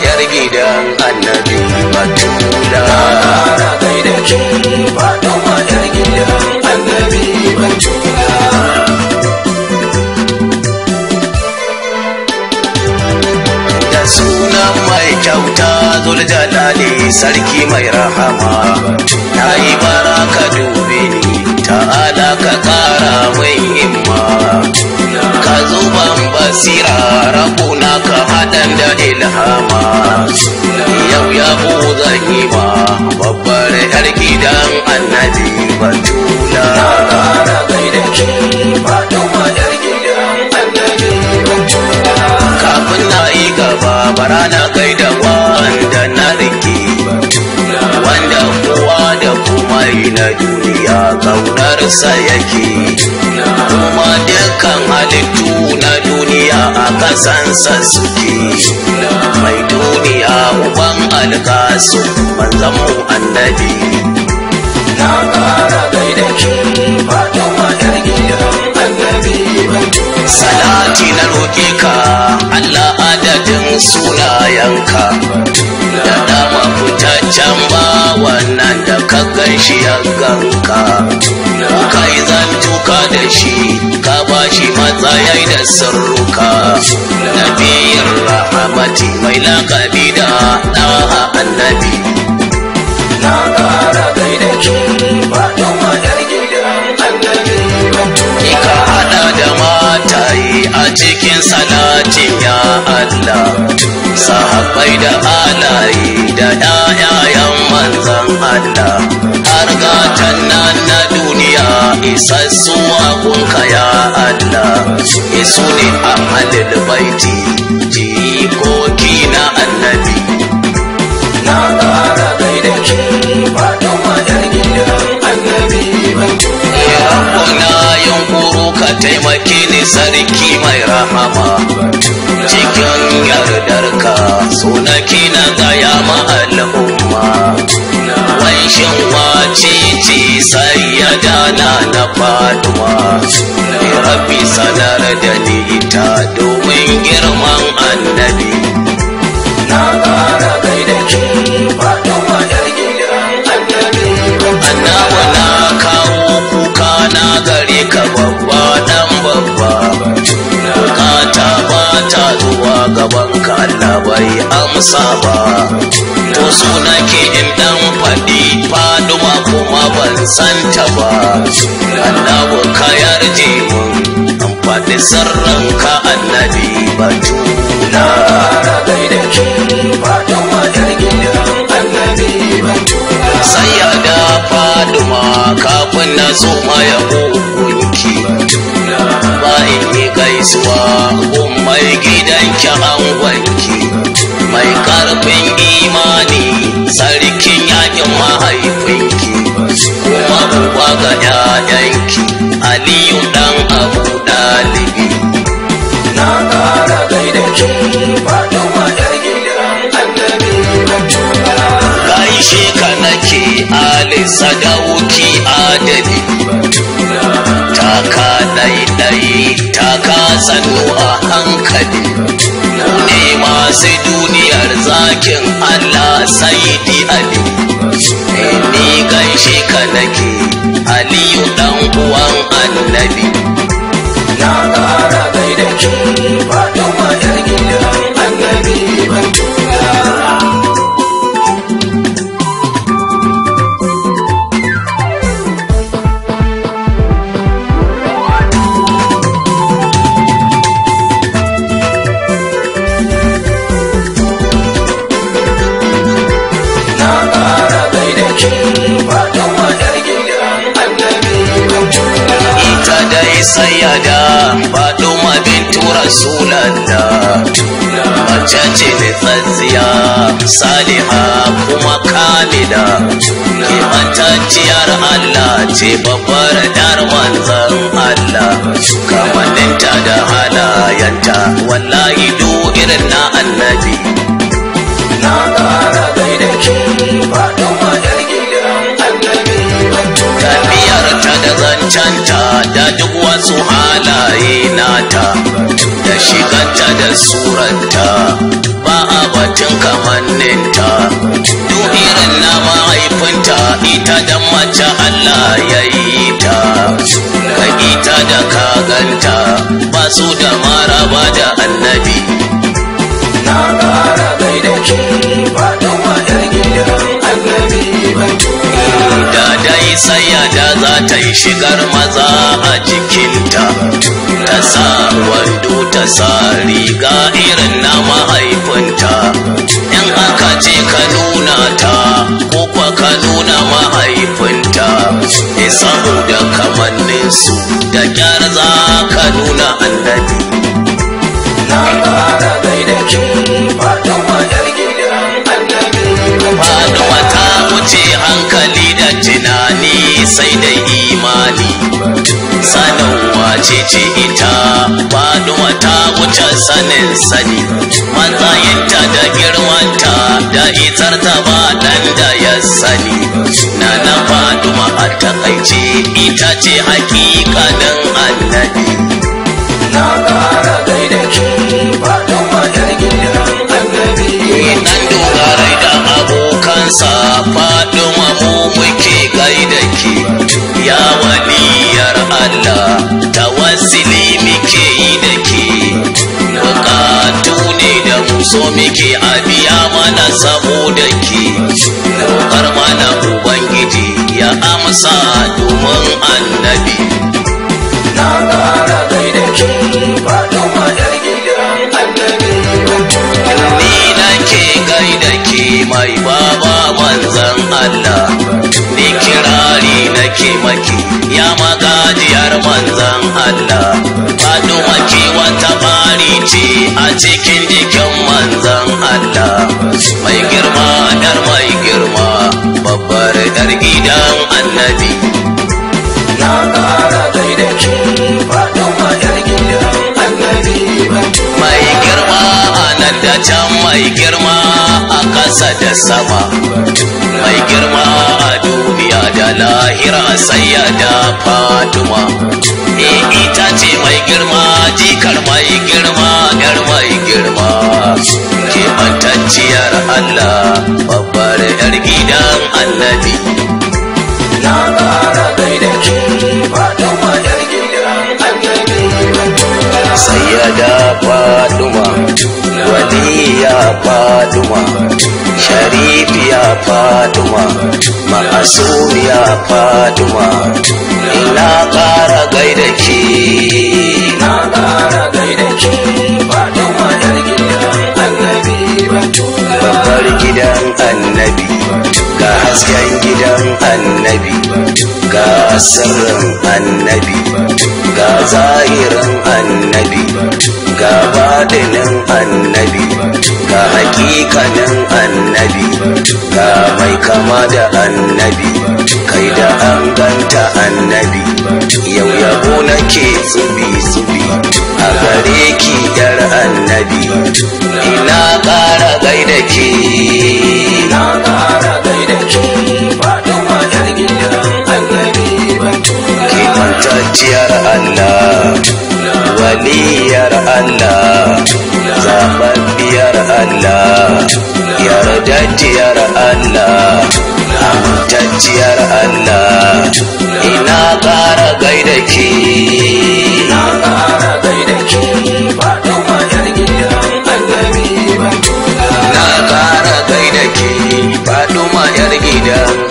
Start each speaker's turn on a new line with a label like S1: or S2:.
S1: yar gidan anabi batula na gaida kin fatima yar gidan annabi batula mai kyauta zul jalali sarki mai rahama na yi baraka dube ni ta'ala ka ƙara mai himma basira rabbuna ka hadan da ilhama yau ya buɗe na duniya sa yake kuma dukkan halittu na duniya a kasansa suke mai duniya uban alkasu manzan annabi na ƙara da ke fatan matar gidan annabi salati na roƙe ka Allah adadin sunayenka shi ganka ka yi zantuka da shi ka ba shi yi da sarruka nabiyar rahamati mai lakabi da ɗaha annabi na ƙara da ba don gidan haɗa da mataye a cikin salatin ya Allah sahabbai da isassu akunka ya Allah isu ne ahalil baiti jikoki na annabi na ƙara gaida ke ba don wadar gidan annabi ban tuni ya rabbana yankuru ka taimake ni sarki sayyadana na fatima rabbi sanar da ni ita domin girman annabi na kara kai da ke fatuwa da gidan annabi annabi na kawo kuka na gare ka babba dan babba kata ba ta zuwa gaban ka Allah bai amsa ba to so nake ban santa ba annabu ka yarje mun an fadi sarran ka annabi ba tuna ka gaida ki ba ma annabi ba tuna sai ya da faduma kafin na so ma ya gunki ba tuna ba in yi gaisuwa kun mai ga ‘ya'yanki aliyu dan abu dalibi na ƙara gaida kin faɗin wadar gidan annabi bacciwa gaishe ka nake Ali sadauki adali taka ɗaiɗai taka tsano a hankali ne sai duniyar zakin allah saidi ali ni gaishe ka nake aliyu dan uwan annabi na kara gaida ki sayyada Fatima bintu Rasulallah Mace ce tsatsiya, saliha kuma kamila Kimantaciyar Allah ce babbar dar manzan Allah ta da halayenta wallahi du irin na annabi Na ƙara ke gidan annabi da zancanta da duk wasu halaye nata da shiganta da suranta ba a batun kamanninta duk irin na mahaifinta ita da mace Allah ya yi ta ka ita da kaganta ba su da maraba da annabi na ƙara gaida ba annabi da sai ya da za ta yi shigar maza mahaifinta ya eh, saboda kamannin su da kyar za ka nuna annabi na ƙara gaida ki fatan wadar gidan annabi faduwa ta wuce hankali da tunani sai da imani sanarwa ce ce ita baduwa ta wuce sanin sani matsayinta da girmanta da itar ta ba ɗan da ya sani na fatima a takaice ita ce hakika dan annabi na kara gaida ke fatima da gidan annabi dan dogarai da abokan safa. annabi na ƙara gaida kin fatima da gidan annabi ni nake da ke mai baba manzan Allah ni kirari nake maki ya magajiyar manzan Allah fatima ki wata bari ce a cikin jikin manzan Allah mai girma dar mai girma babbar dar gidan annabi daraja ta mai girma a ƙasa da sama mai girma a duniya da lahira sai ya da fatuma e ita ce mai girma jikar mai girma yar mai girma ke mantacciyar Allah babbar yar gidan annabi na sayyada fatuma, waliya faduma sharifiya faduma ma'asumiya fatuma. ina ƙara gaida ki ina ƙara gaida ki faduma yar gidan annabi batula babbar gidan annabi hasken gidan annabi ga sirrin annabi ga zahirin annabi ga badinin annabi ga hakikanin annabi ga mai kama da annabi kai da an ganta annabi yau yabo nake zubi zubi a gare ki yar annabi ina ƙara gaida ke na ƙara Kimantaciyar Allah, waliyar Allah, zaɓaɓɓiyar Allah, yardajiyar Allah, amintacciyar Allah, ina ƙara gaida ki. yeah.